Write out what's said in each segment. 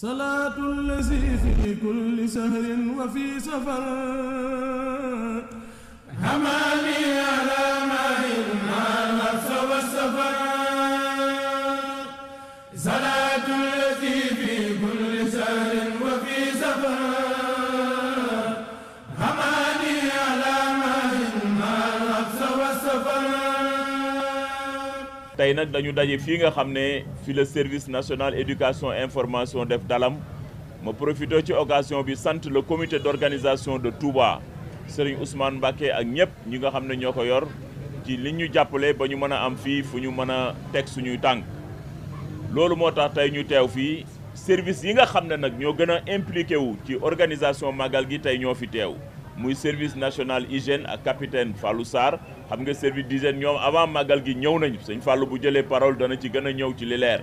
salaatu lazi fi kulli sahrin wa fi safar tey nag dañu daje fii nga xam ne fi le service national éducation information def dalam ma profité ci occasion bi sant le comité d'organisation de Touba Serigne Ousmane Mbacké ak ñëpp ñi nga xam ne ñoo ko yor ci li ñu jàppale ba ñu mën a am fii fu ñu mën a teg suñuy tànk loolu moo tax tey ñu teew fii service yi nga xam ne nag ñoo gën a impliqué wu ci organisation magal gi tey ñoo fi teew muy service national hygiène ak capitaine Fallou sar xam nga service d'hygiène ñoom avant màggal gi ñëw nañu sañ fàll bu jëlee parole dana ci gën a ñëw ci li leer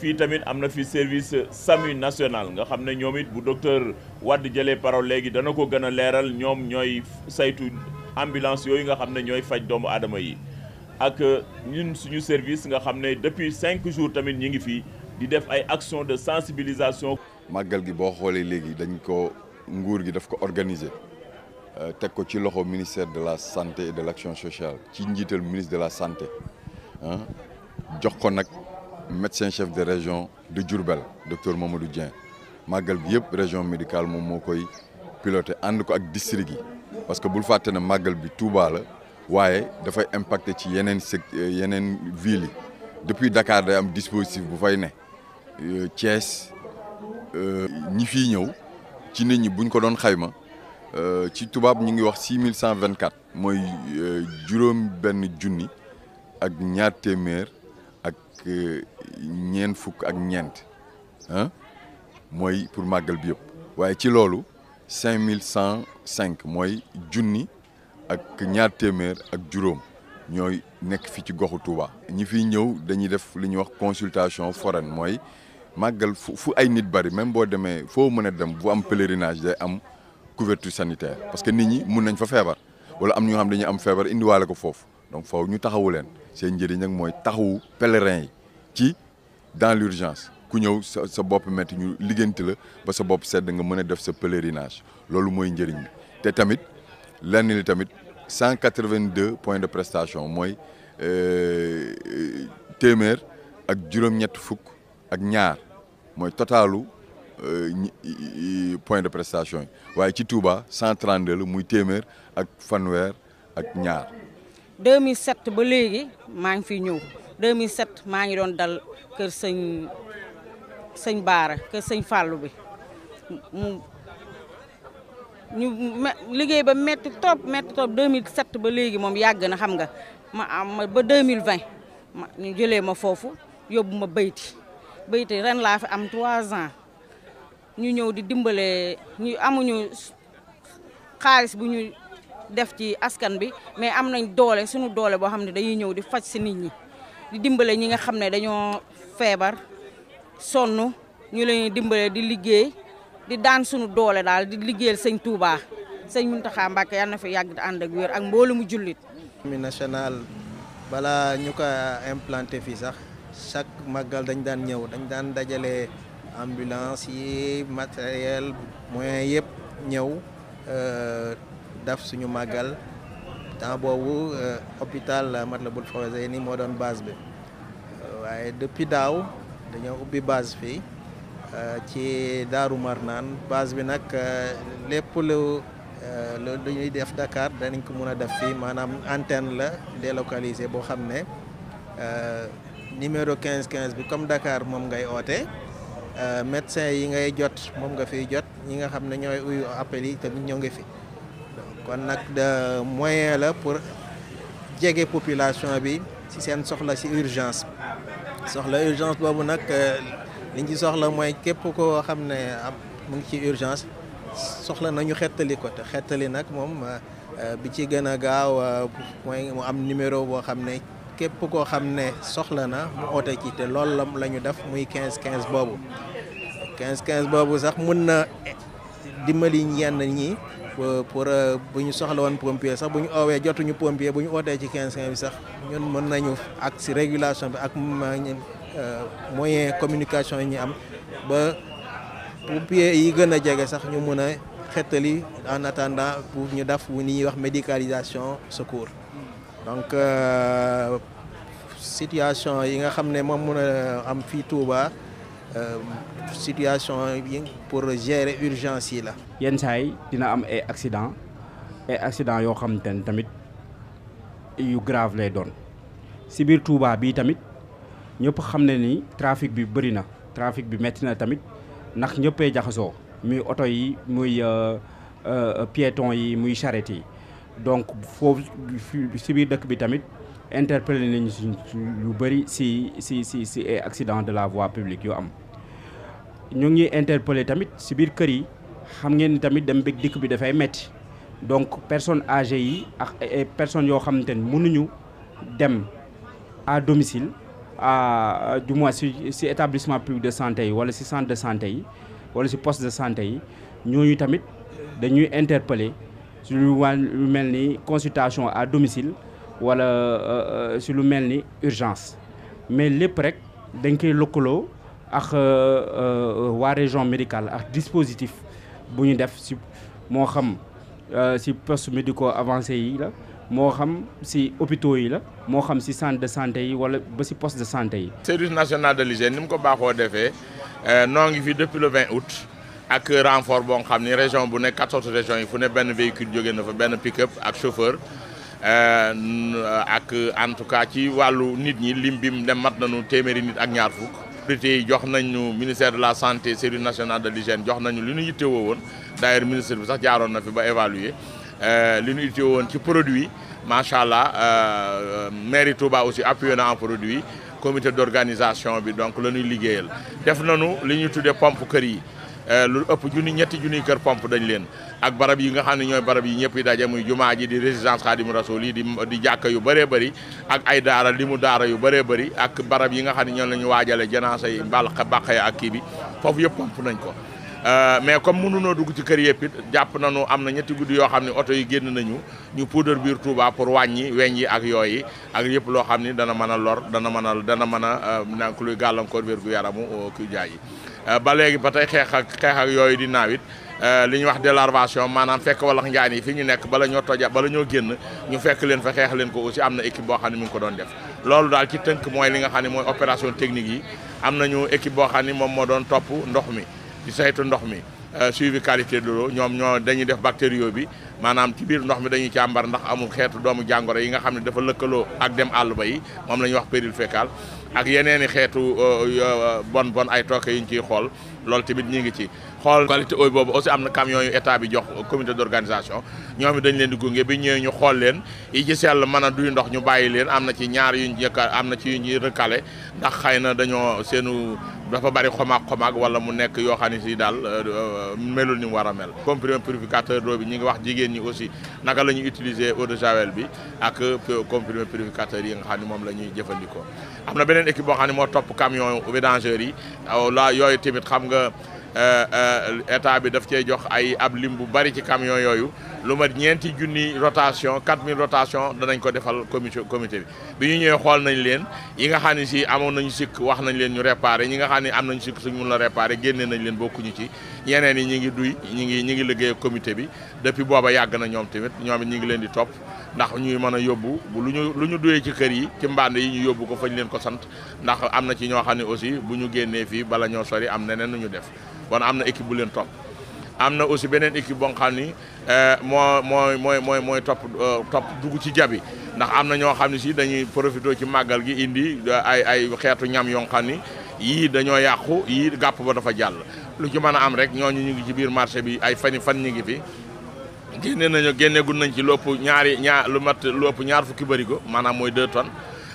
fii tamit am na fi service SAMU national nga xam ne ñoom it bu docteur Wade jëlee parole léegi dana ko gën a leeral ñoom ñooy saytu ambulance yooyu nga xam ne ñooy faj doomu aadama yi ak euh, ñun suñu service nga xam ne depuis cinq jours tamit ñi ngi fii di def ay action de sensibilisation màggal gi boo xoolee léegi dañ ko nguur gi daf ko organiser Euh, teg ko ci loxo ministère de la santé et de l'action sociale ci njiital ministre de la santé ah jox ko nag médecin chef de région de Diourbel docteur Mamadou Dieng màggal bi yëpp région médicale moom moo koy piloté ànd ko ak district parce que bul fàtte ne màggal bi Touba waaye dafay impacté ci yeneen euh, yeneen ville depuis Dakar day am dispositif bu fay ne euh, Thiès ñi fiy ñëw ci nit ñi buñ ko doon xayma Euh, ci tubaab ñu ngi wax six mille cent vingt quatre mooy euh, juróom benn junni ak ñaar téeméer ak euh, ñeent fukk ak ñeent mooy pour màggal bi yëpp waaye ci loolu cinq mille cent cinq mooy junni ak ñaar téeméer ak juróom ñooy nekk fi ci goxu Touba ñi fi ñëw dañuy def li ñuy wax consultation foraine mooy màggal fu ay nit bari même boo demee foo mën a dem bu am pèlerinage day am. couverture sanitaire parce que nit ñi mun nañ fa feebar wala am ñu xam dañuy am feebar indiwaale ko foofu donc foofu ñu taxawu leen seen njëriñ nag mooy taxawu pèlerin yi ci dans l'urgence ku ñëw sa bopp métti ñu liggéenti la ba sa bopp sedd nga mën a def sa pèlerinage loolu mooy njëriñ bi te tamit lenn li tamit 182 points de prestation mooy euh, euh, téeméer ak juróom-ñett fukk ak ñaar mooy totalu Euh, point de prestation waaye ci Touba 132 la muy téeméer ak fanweer ak ñaar. 2007 ba léegi maa ngi fiy ñëw 2007 maa ngi doon dal kër sëñ sëñ Baara kër sëñ Fallou bi mu ñu liggéey ba métti trop métti trop 2007 ba léegi moom yàgg na xam nga ma am ba 2020 ma ñu jëlee ma foofu yóbbu ma bayti bayti ren laa fi am 3 ans. ñu ñëw di dimbale ñu amuñu xaalis bu ñu def ci askan bi mais am nañ doole suñu doole boo xam ne dañuy ñëw di faj si nit ñi di dimbale ñi nga xam ne dañoo feebar sonn ñu leen dimbalee di liggéey di daan suñu doole daal di liggéeyal sëñ Touba sëñ Mountakha Mbacké yàlla na fi yàgg di ànd ak wér ak mboolu mu jullit. mi national balaa ñu ko implanté fii sax chaque màggal dañ daan ñëw dañ daan dajalee ambulance yi matériel moyen yëpp ñëw euh, daf suñu màggal temps boobu euh, hôpital Matlaboul Fawzayni moo doon base bi euh, waaye depuis daaw dañoo ubbi base fii ci Daaru Marnaan base bi nag lépp lu lu ñuy def dakaar danañ ko mun a def fii maanaam antenne la délocalisée boo xam ne numéro 15 15 bi comme dakaar moom ngay oote Euh, médecin yi ngay jot moom nga fiy jot ñi nga xam ne ñooy uyu appel yi tamit ñoo ngi fi kon nag de moyen la pour jege population bi ci seen soxla ci urgence soxla urgence boobu nag euh, liñ ci soxla mooy képp koo xam ne mu ngi ci urgence soxla nañu xetali ko te xetali nag moom euh, bi ci gën a gaaw mooy mu am numéro boo xam ne képp koo xam ne soxla na mu oote ci te loolu la la ñu def muy quinze 15 boobu quinze 15 boobu sax mun na dimbali yenn ñi pour euh, bu ñu soxla woon pompier sax bu ñu oowee jotuñu pompier bu ñu ootee ci 15 15 bi sax ñun mën nañu ak si régulation bi ak euh, moyen communication yi ñu am ba pompier yi gën a jege sax ñu mun a xettali en attendant pour ñu def ni ñuy wax médicalisation secours. donc euh, situation yi nga xam ne moom mun a am fii Touba euh, situation yi pour gérer urgence yi la. yenn saa yi dina am ay accident ay accident yoo xam te tamit yu grave lay doon si biir Touba bii tamit ñëpp xam ne ni trafic bi bëri na trafic bi métti na tamit ndax ñëppay jaxasoo muy oto yi muy euh, piéton yi muy charrette yi. donc foofu si biir dëkk bi tamit interpellé nañu si yu bëri si si si si accident de la voie publique yu am ñoo ngi interpellé tamit si biir kër yi xam ngeen ni tamit dem bëgg dikk bi dafay metti donc personnes age yi ak ay personnes yoo xamante ni mënuñu dem à domicile à du moins si si établissement public de santé yi wala si centre de santé yi wala si poste de santé yi ñooñu tamit dañuy interpellé su lu lu mel ni consultation à domicile wala euh, euh, si lu mel ni urgence mais lépp rek dañ koy lëkkaloo ak euh, waa région médical ak dispositif bu ñu def si moo xam si post médico avancé yi la moo xam si hôpitaux yi la moo xam si centre de santé yi wala ba si poste de santé yi. service national de l'hygiène ni mu ko baaxoo defee noo ngi fi depuis le 20 août. ak renfort boo xam ni région bu nekk quatorze régions yi fu ne benn véhicule jóge na fa benn pick-up ak chauffeur euh, ak en tout cas ci wàllu nit ñi lim bim dem mat nañu téeméeri nit ak ñaar fukk. autorités yi jox nañu ministère de la santé service national de l'hygiène jox nañu li ñu yittewoo woon d'ailleurs ministre bi sax jaaroon na fi ba évaluer euh, li ñu yittewoo woon ci produit macha allah euh, mairie Touba aussi appuyé na en produit comité d'organisation bi donc la ñuy liggéeyal def li ñuy tuddee pompe kër yi. Eh, lu ëpp junni ñetti junniy kër pomp dañ leen ak barab yi nga xam ne ñooy barab yi ñëpp yi daje muy jumaa ji di résidence Xaadimu Rasuul yi di di jàkka yu bëree bari ak ay daara li mu daara yu bëree bari ak barab yi nga xam ne ñoom la ñu waajale janaasa yi mbal bàq yi ak kii bi foofu yëpp pompe nañ ko Euh, mais comme mënunoo dugg ci kër yëpp jàpp na nañu am na ñetti guddi yoo xam ne oto yi génn nañu ñu puudar biir Touba pour wàññi weñ yi ak yooyu ak yëpp loo xam ni dana mën a lor dana mën a dana mën a euh, nank luy gàllankoor wér gu yaramu euh, ku jaay yi ba léegi ba te xeex ak xeex ak yooyu di naawit li ñuy wax délarvation maanaam fekk walax njaan yi fi ñu nekk bala ñoo toja bala ñoo génn ñu fekk leen fa xeex leen ko aussi am na équipe boo xam ne mi ngi ko doon def loolu daal ci tënk mooy li nga xam ne mooy technique yi am nañu équipe boo xam ne moom moo doon topp ndox mi di saytu ndox mi euh, suivi qualité de l'eau ñoom ñoo dañuy def bactério bi maanaam ci biir ndox mi dañuy càmbar ndax amul xeetu doomu jàngoro yi nga xam ne dafa lëkkaloo ak dem àll ba yi moom la ñuy wax péril fécal ak yeneeni xeetu euh, euh, bon bon ay tooke yu ñu ciy xool loolu tamit ñu ngi ci xool qualité eau boobu aussi am na camion yooyu état bi jox comité d'organisation ñoom it dañ leen di gunge bi ñëwee ñu xool leen yi ci sell mën a duy ndox ñu bàyyi leen am na ci ñaar yu ñu am na ci yu ñuy recalé ndax xëy na dañoo seenu dafa bari xomaag xomaag wala mu nekk yoo xam ne si daal euh, euh, melul ni mu war a mel. comprimé purificateur d'eau bi ñu ngi wax jigéen ñi aussi naka la ñuy utiliser eau de javel bi ak euh, comprimé purificateur yi nga xam ne moom la ñuy jëfandikoo. am na beneen équipe boo xam ne moo topp camion vidangeurs yi oh, la yooyu tamit xam nga état bi daf cee jox ay ab lim bu bari ci camion yooyu. lu mat ñeenti junni rotation 4000 rotation danañ ko defal comité comité bi bi ñu ñëwee xool nañ leen yi nga xam ne si amoon nañu sikk wax nañ leen ñu réparé ñi nga xam ne am nañu sikk suñ mun la réparé génne nañ leen bokkuñu ci ñeneen yi ñi ngi duy ñi ngi ñi ngi liggéey comité bi depuis booba yàgg na ñoom tamit ñoom it ñi ngi leen di topp ndax ñuy mën a yóbbu lu ñu lu ñu duyee ci kër yi ci mband yi ñu yóbbu ko fañ leen ko sant ndax am na ci ñoo xam ne aussi bu ñu génnee fii bala ñoo sori am neneen nu ñu def kon am na équipe bu leen topp am na aussi beneen équipe boo xam ni euh, moo mooy mooy mooy mooy topp euh, topp dugg ci jabi ndax am na ñoo xam ne si dañuy profité ci màggal gi indi euh, ay ay xeetu ñam yoo xam ni yii dañoo yàqu yii gàpp ba dafa jàll lu ci mën a am rek ñooñu ñu ngi ci biir marché bi ay fani fan ñu ngi fi génne nañu génne gun nañ ci lu ëpp ñaar lu mat lu ëpp fukki bëri ko maanaam mooy deux tonnes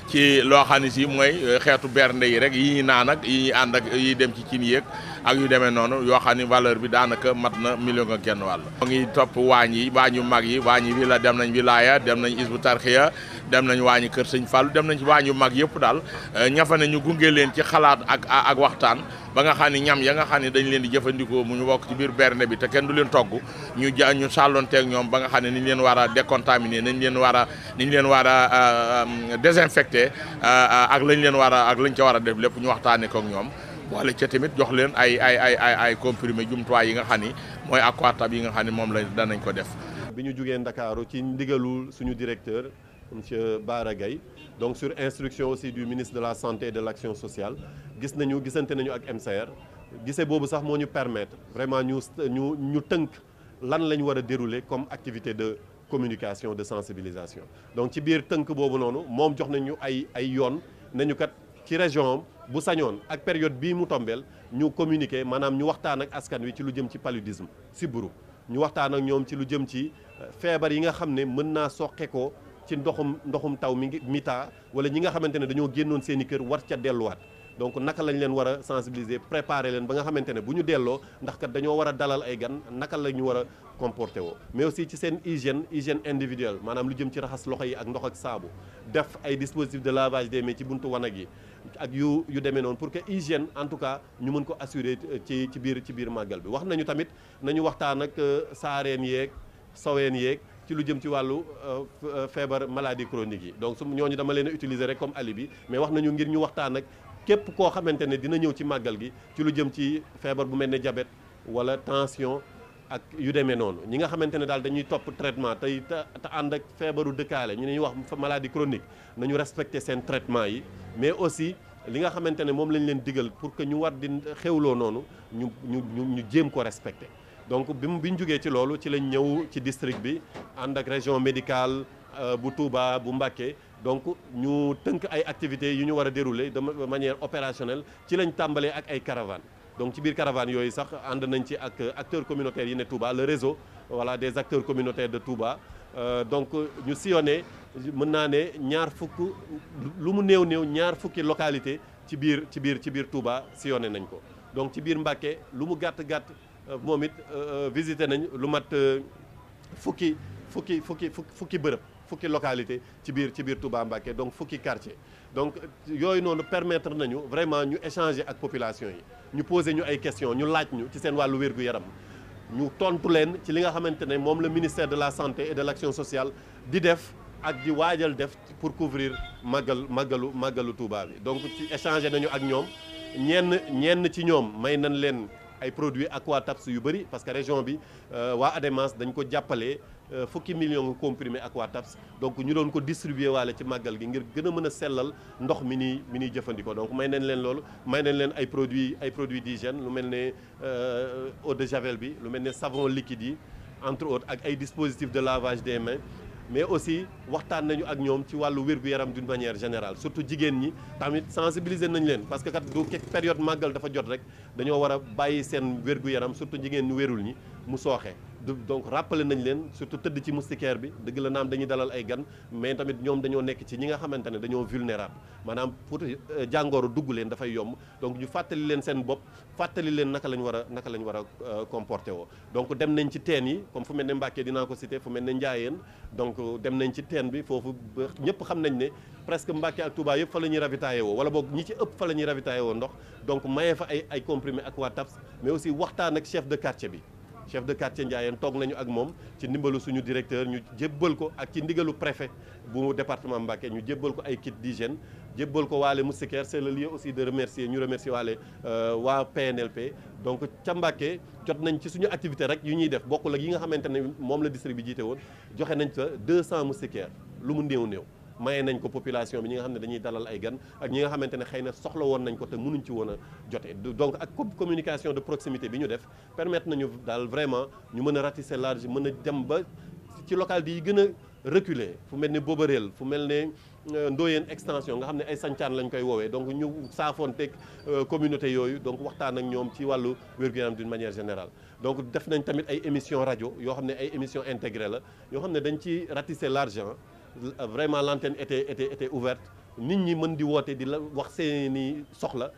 ci loo xam ne si mooy euh, xeetu bernde yi rek yi ñuy naan yi ñuy ànd ak yi dem ci cin yéeg ak yu demee noonu yoo xam ne valeur bi daanaka mat na million ak genn wàll. moo ngi topp waañ yi waañ yu mag yi waañ yi wi dem nañ wilaaya dem nañ isbu tarxiya dem nañ waañu kër sëñ Fallou dem nañ ci waañu mag yëpp daal eh, ñafa ne ñu gunge leen ci xalaat ak ak waxtaan ba nga xam ne ñam ya nga xam ne dañ leen di jëfandikoo mu ñu wokk ci biir berne bi te kenn du leen togg ñu ja ñu sàllonteeg ñoom ba nga xam ne niñ leen war a décontaminer nañ leen war a niñ leen war a désinfecté ak lañ leen war a ak lañ ca war a def lépp ñu waxtaanee kook ñoom wala ca tamit jox leen ay ay ay ay ay comprimé jumtuwaay yi nga xam ni mooy aquatab yi nga xam ne moom la danañ ko def bi ñu jugee Ndakaaru ci ndigalul suñu directeur monsieur Bara Gaye donc sur instruction aussi du ministre de la santé et de l'action sociale gis nañu gisante nañu ak MCR gisee boobu sax moo ñu permettre vraiment ñu ñu ñu tënk lan la ñu war a dérouler comme activité de communication de sensibilisation donc ci biir tënk boobu noonu moom jox nañu ay ay yoon nañu kat ci région bu sañoon ak période bii mu tombeel ñu communiqué maanaam ñu waxtaan ak askan wi ci lu jëm ci paludisme sibbiru ñu waxtaan ak ñoom ci lu jëm ci euh, feebar yi nga xam ne mën naa soqe ko ci ndoxum ndoxum taw mi ngi mitaa wala ñi nga xamante ne dañoo génnoon seen i kër war ca delluwaat donc naka lañ leen war a sensibiliser leen ba nga xamante ne bu ñu delloo ndax kat dañoo war a dalal ay gan naka la ñu war a comporté woo mais aussi ci seen hygiène hygiène individuelle maanaam lu jëm ci raxas loxo yi ak ndox ak saabu def ay dispositifs de lavage des mains ci buntu wanag yi ak yu yu demee noonu pour que hygiène en tout cas ñu mën ko assurer ci ci biir ci biir màggal bi wax nañu tamit nañu waxtaan ak euh, saareen yeeg soween yeeg ci lu jëm ci wàllu euh, feebar maladie chronique yi donc su ñu dama leen utiliser rek comme alibi mais wax nañu ngir ñu waxtaan ak képp koo xamante ne dina ñëw ci màggal gi ci lu jëm ci feebar bu mel ne jabet wala tension ak yu demee noonu ñi nga xamante ne daal dañuy topp traitement tey te ànd ak feebaru dëkkaale ñu ne ñu wax maladie chronique nañu respecter seen traitement yi mais aussi li nga xamante ne moom lañ leen digal pour que ñu war di xewloo noonu ñu ñu ñu jéem ko respecter donc bi mu bi ñu ci loolu ci lañ ñëw ci district bi ànd ak région médicale euh, bu Touba bu Mbacké donc ñu tënk ay activités yu ñu war a dérouler de manière opérationnelle ci lañ tàmbalee ak ay caravanes donc ci biir caravanes yooyu sax ànd nañ ci ak euh, acteurs communautaires yi ne Touba le réseau voilà des acteurs communautaires de Touba euh, donc ñu sillonné mën naa ne ñaar fukk lu mu néew néew ñaar fukki localité ci biir ci biir ci biir Touba sillonné nañ ko donc ci biir Mbacké lu mu gàtt gàtt moom it euh, euh, visité nañ lu mat euh, fukki fukki fukki fukki bërëb fukki localité ci biir ci biir Touba Mbacké donc fukki quartier donc yooyu noonu permettre nañu vraiment ñu échanger ak population yi ñu poser ñu ay questions ñu laaj ñu ci seen wàllu wér-gu-yaram ñu tontu leen ci li nga xamante ne moom la ministère de la santé et de l'action sociale di def ak di waajal def pour couvrir màggal màggalu màggalu Touba bi donc ci échanger nañu ak ñoom ñenn ñenn ci ñoom may nañ leen ay produits Aquatabs yu bëri parce que région bi euh, waa Adémance dañ ko jàppale euh, fukki million nga comprimé Aquatabs donc ñu doon ko distribuer waale ci màggal gi ngir gën a mën a sellal ndox mi ni mi ñuy jëfandikoo donc may nañ leen loolu may nañ leen ay produits ay produits d'hygiène lu mel ne euh, eau de javel bi lu mel ne savon liquide yi entre autres ak ay dispositifs de lavage des mains mais aussi waxtaan nañu ak ñoom ci wàllu wér-gu-yaram d'une manière générale surtout jigéen ñi tamit sensibiliser nañ leen parce que kat du période màggal dafa jot rek dañoo war a bàyyi seen wér-gu-yaram surtout jigéen ñu wérul ñi mu sooxe donc rappelé nañ leen surtout tëdd ci moustiquaire bi dëgg la naam dañuy dalal ay gan mais tamit ñoom dañoo nekk ci ñi nga xamante ne dañoo vulnérable maanaam pour euh, jàngoro dugg leen dafay yomb donc ñu fàttali leen seen bopp fàttali leen naka lañ war a naka lañ war a euh, comporté woo donc dem nañ ci teen yi comme fu mel ne Mbàkke dinaa ko cité fu mel ne Njaayeen donc dem nañ ci teen bi foofu ñëpp xam nañ ne presque Mbàkke ak tubaay yëpp la ñuy ravitaillé woo wala boog ñi ci ëpp fa la ñuy ravitaillé woo ndox donc mayee fa ay ay comprimé ak waa TAPS mais aussi waxtaan ak chef de quartier bi chef de quartier Ndiayène toog nañu ak moom ci ndimbalu suñu directeur ñu jébbal ko ak ci ndigalu préfet bu département Mbacké ñu jébbal ko ay kit d'hygiène jébbal ko waale moustiquaire c'est le lieu aussi de remercier ñu remercier waale euh, waa PNLP donc ca Mbacké jot nañ ci suñu activité rek yu ñuy def bokkul ak yi nga xamante ne moom la district bi jiite woon joxe nañ fa 200 moustiquaires lu mu néew néew maye nañ ko population bi ñi nga xam ne dañuy dalal ay gan ak ñi nga xamante ne xëy na soxla woon nañ ko te mënuñ ci woon a jote donc ak communication de proximité bi ñu def permettre nañu daal vraiment ñu mën a ratisser large mën a dem ba ci local di gën a reculer fu mel ne Bobareel fu mel ne euh, Ndoyeen extension nga xam ne ay sancaan lañ koy woowee donc ñu saafoonteeg euh, communauté yooyu donc waxtaan ak ñoom ci wàllu wér-gu-yaram d'une manière générale. donc def nañ tamit ay émissions rajo yoo xam ne ay émissions intégrées la yoo xam ne dañ ci ratisser l'argent vraiment l'antenne été été était ouverte nit ñi mën di woote di la wax seeni soxla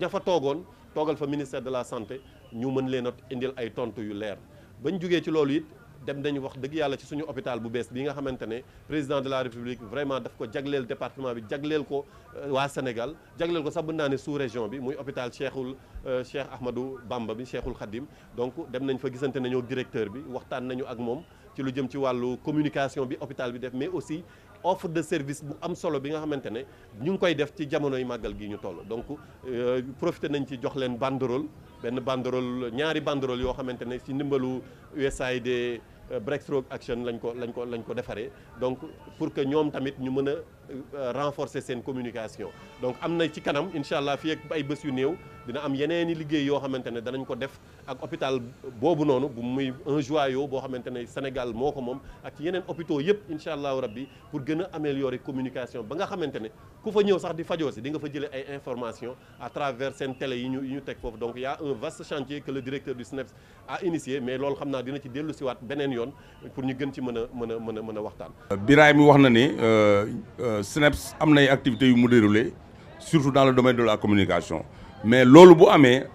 ña fa toogoon toogal fa ministère de la santé ñu mën leen indil ay tontu yu leer bañ jógee ci loolu yit dem nañu wax dëgg yàlla ci suñu hôpital bu bees bi nga xamante ne président de la république vraiment daf ko jagleel département bi jagleel ko euh, waa Sénégal jagleel ko sax mën naa ne sous région bi muy hôpital Cheikhul euh, Cheikh Ahmadou bàmba bi Cheikhul Khadim donc dem nañ fa gisante nañoo directeur bi waxtaan nañu ak moom ci lu jëm ci wàllu communication bi hôpital bi def mais aussi offre de service bu am solo bi nga xamante ne ñu ngi koy def ci jamonoy màggal gi ñu toll donc euh, profité nañ ci jox leen banderole benn banderole ñaari banderole yoo xamante ne ci ndimbalu USAID euh, Breakthrough Action lañ ko lañ ko lañ ko defaree donc pour que ñoom tamit ñu mën a euh, renforcer seen communication donc am na ci kanam incha allah fii ak ay bés yu néew. dina am yeneen i liggéey yoo xamante ne danañ ko def ak hôpital boobu noonu bu muy un joyau boo xamante ne Sénégal moo ko moom ak yeneen hôpitaux yëpp incha allahu rabbi pour gën a améliorer communication ba nga xamante ne ku fa ñëw sax di fajoo si di nga fa jëlee ay information à travers seen télé yi ñu ñu teg foofu donc y a un vaste chantier que le directeur du SNEPS a initié mais lool xam naa dina ci dellu siwaat beneen yoon pour ñu gën ci mën a mën a mën mën a waxtaan Birahim mi wax na ne euh, euh, SNEPS am nay activités yu mu déroulé surtout dans le domaine de la communication mais loolu bu amee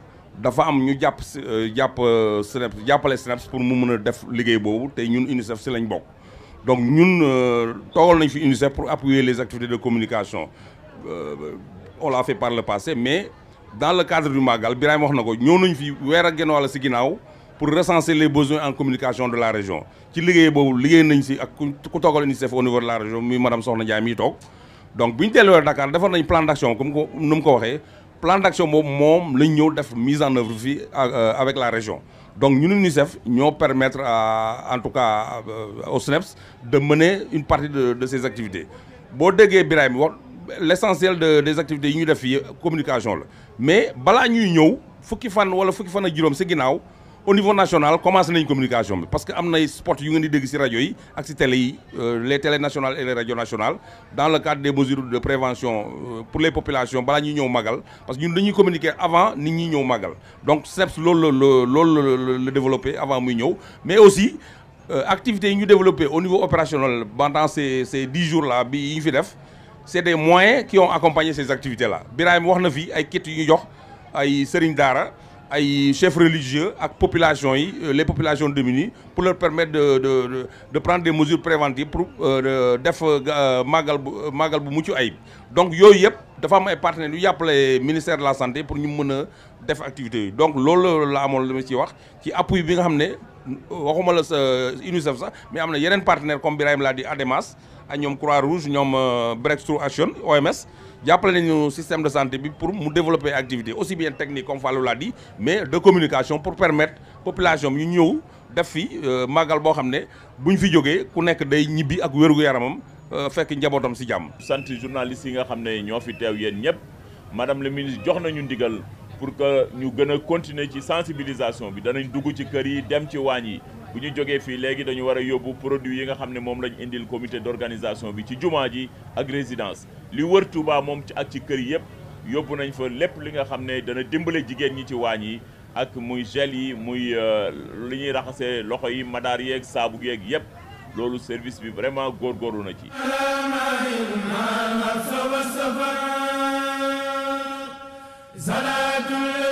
dafa am ñu jàpp si euh, jàpp euh, SNEPS jàppale SNEPS pour mu mën a def liggéey boobu te ñun UNICEF si lañ bokk donc ñun euh, toogal nañ fi UNICEF pour appuyer les activités de communication on l'a fait par le passé mais dans le cadre du Magal Birame wax na ko ñoo nañ fi weer ak genn wàll si ginnaaw pour recenser les besoins en communication de la région ci liggéey boobu liggéey nañ si ak ku toogal UNICEF au niveau de la région muy madame Soxna Ndiaye miy toog ko nu mu ko waxee plan d'action boobu moom lañ ñëw def mise en œuvre fii euh, avec la région donc ñun UNICEF ñoo permettre à, en tout cas euh, au SNEPS de mener une partie de de ces activités boo déggee Birame wax l'essentiel de des activités yi ñuy def fii communication la mais balaa ñuy ñëw fukki fan wala fukki fan ak juróom si ginnaaw. au niveau national commencé nañ communication bi parce que am nay spot yu ngeen di dégg ci rajo yi ak ci télé yi euh, les télé nationales et les radios nationales dans le cadre des mesures de prévention euh, pour les populations balaa ñuy ñëw màggal parce que ñun dañuy communiquer avant nit ñi ñëw màggal donc CEPS loolu la loolu développé avant muy ñëw mais aussi euh, activités yi ñu développé au niveau opérationnel pendant ces ces dix jours là bi yi ñu fi def c'est des moyens qui ont accompagné ces activités là wax na fi ay kit yu ñu jox ay sëriñ daara ay chefs religieux ak population yi euh, les populations démunies pour leur permettre de de de prendre des mesures préventives pour euh, def euh, màggal bu màggal bu mucc ayib donc yooyu yëpp. dafa am ay partenaires yu yàppale ministère de la santé pour ñu mën a def activité yi donc loolu la amoon li ma ciy wax ci appui bi nga xam ne waxuma la sa UNICEF sax mais am na yeneen partenaire comme Birahim laa di ADEMAS ak ñoom Croix Rouge ñoom euh, Breakthrough Action OMS jàppale nañu système de santé bi pour mu développer activité aussi bien technique comme Fallou laa di mais de communication pour permettre population bi ñu ñëw def fi euh, màggal boo xam ne bu ñu fi jógee ku nekk day ñibbi ak wér gu Euh, fekk njabootam si jàmm. sant journalistes yi nga xam ne ñoo fi teew yéen ñëpp madame le ministre jox nañu ndigal pour que ñu gëna a ci sensibilisation bi danañ dugg ci kër yi dem ci waañ yi bu ñu jógee fii léegi dañu war a yóbbu produit yi nga xam ne moom lañu indil comité d'organisation bi ci jumaa ji ak résidence li wër Touba moom ci ak ci kër yëpp yóbbu nañ fa lépp li nga xam ne dana dimbale jigéen ñi ci waañ yi ak muy gel yi muy euh, li ñuy raxasee loxo yi madaar yeeg saabu yeeg yëpp. loolu service bi vraiment góorgóorlu na ci salaatu